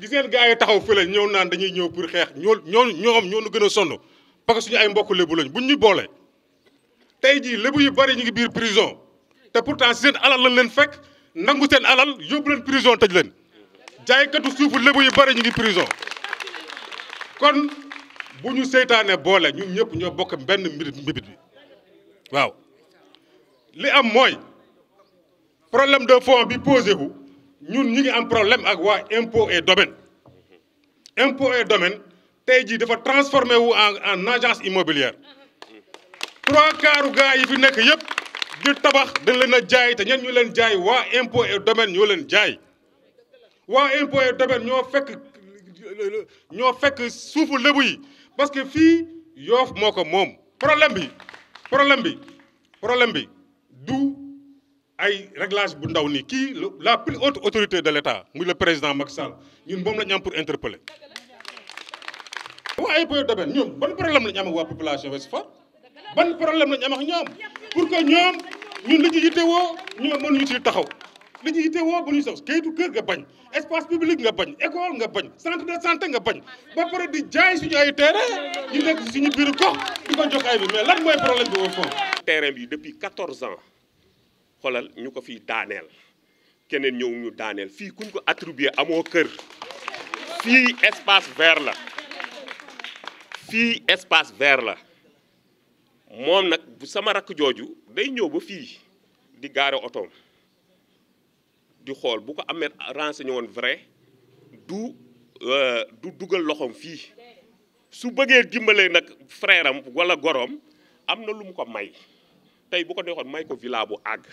gis gaa gars yi taxaw fële ñëw naan dañuy ñëw pour xeex ñoo ñoo ñoom ñoo nu gën a sonn parce que suñu ay mbokk lébu lañ buñ ñu boole. tey jii lébu yi bari ñu ngi biir prison te pourtant si seen alal lañ leen fekk nangu seen alal yóbbu leen prison tëj leen jaaykatu suufu lébu yi bari ñu ngi prison kon bu ñu seytaane boole ñun ñëpp ñoo bokk benn mbibit mbibit bi waaw li am mooy problème de fond bi posé bu ñun ñu ngi am problème ak waa impôt et domaine impôt et domaine tey jii dafa transformé wu en en agence immobilière trois quarts gars yi fi nekk yépp di tabax dañ leen a jaay te ñen ñu leen jaay waa impôt et domaine ñoo leen jaay waa impôt et domaine ñoo fekk ñoo fekk suufu lébu yi parce que fii yoof moo ko moom problème bi problème bi problème bi ay réglage bu ndaw la plus haute autorité de l'État muy le président Macky Sall ñun moom la pour interpeller. wa ay de ben ban problème la ak population ban problème la ak ñom pour que ñom ñun li ñu ci taxaw. li ñu wo bu ñu sax kayitu kër nga bañ espace public nga bañ école nga bañ centre de santé nga bañ ba di jaay suñu ay ñu nek suñu jox ay mais lan moy problème bi terrain bi depuis 14 ans. xoolal ñu ko fi daaneel keneen ñëw ñu daaneel fii kuñ ko attribué amoo kër fii espace vert la fii espace vert la moom nag bu sama rakk jooju day ñëw ba fii di gaare otoom di xool bu ko amee renseigné woon vrai du euh, du dugal loxoom fii su bëggee dimbalee nag freeram walla wala goroom am na lu mu ko may tey bu ko neexoon may ko villa bu àgg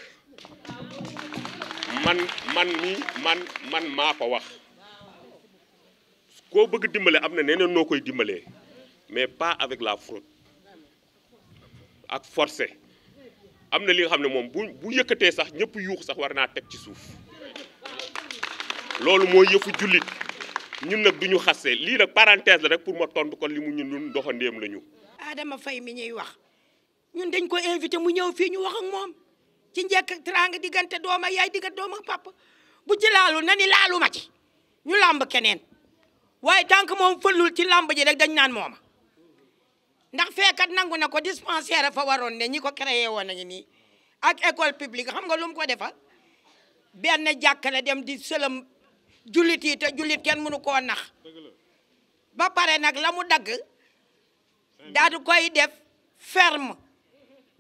man man mii man man maa ko wax koo bëgg dimbale am na neneen noo koy dimbalee mais pas avec la fraude ak force am na li nga xam ne moom bu bu yëkkatee sax ñëpp yuux sax war naa teg ci suuf loolu moo yëfu jullit ñun nag du ñu xasee lii nag parenthèse la rek pour ma tontu kon li mu ñun ñun doxandéem la ñu. Adama fay mi ñuy wax ñun dañ ko invité mu ñëw fii ñu wax moom. ci njëkk trang digante dooma yaay digante dooma papa bu ci laalu nani ni laalu ma ci ñu lamb keneen waye tank mom feulul ci lamb ji rek dañ nan mom ndax kat nangu nako dispensaire fa waron ne ñi ko créé woon nañu nii ak école publique xam nga lu mu ko defal ben jàkk dem di sëlëm julit yi te julit ken mënu ko nax ba pare nak la dag daal koy def ferme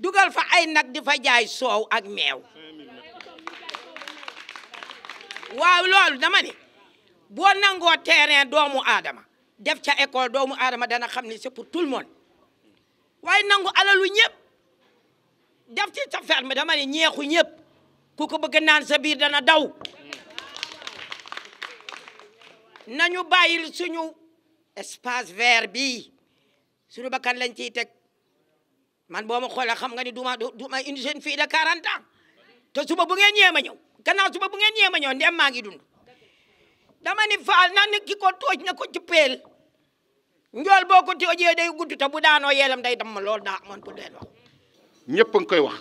dugal fa ay nag di fa jaay soow ak meew waaw loolu dama ne boo nangoo terrain doomu aadama def ca école doomu aadama dana xam ne c'est pour tout le monde waaye nangu alalu ñëpp def ci sa ferme dama ñeexu ñëpp ku ko bëgg naan sa biir dana daw nañu bàyyil suñu espace vert bii suñu bakkan lañ ciy teg man boo ma xoolee xam nga ni du ma du ma une jeune fille de 40 ans suba bu ngeen ñëwee ma ñëw gannaaw suba bu ngeen ñëwee ma ñëw ndem maa ngi dund dama ni faal na ni ki ko tooj na ko ci peel njool boo ko toojee day gudd te bu daanoo yeelam day damm loolu daa amoon pour leen wax. ñëpp a ngi koy wax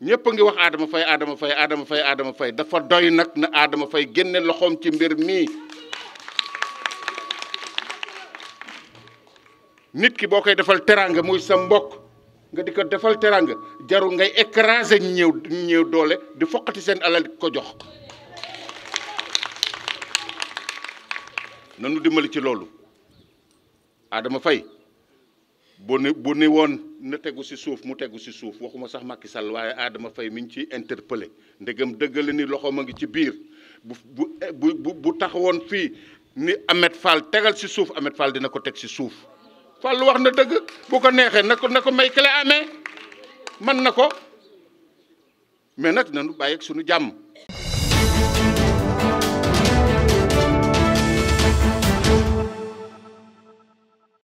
ñëpp ngi wax Adama Faye Adama Faye Adama Faye Adama Faye dafa doy nag na Adama Faye génne loxoom ci mbir mii. nit ki bokay defal teranga moy sa mbok nga diko defal teranga jaru ngay écraser ñew ñew doole di fokati sen alal ko jox nanu dimbali ci lolu Adama fay bu ne bu ne na teggu si souf mu teggu si souf waxuma sax Macky Sall waye Adama fay mi ci interpeller ndegam deugal ni loxo ma ngi ci biir bu bu bu taxawon fi ni Ahmed Fall tegal si souf Ahmed Fall dina ko tek si souf Fallou wax na dëgg boo ko neexee na ko na ko may clé amee man na ko mais nag nanu bàyyi sunu jàmm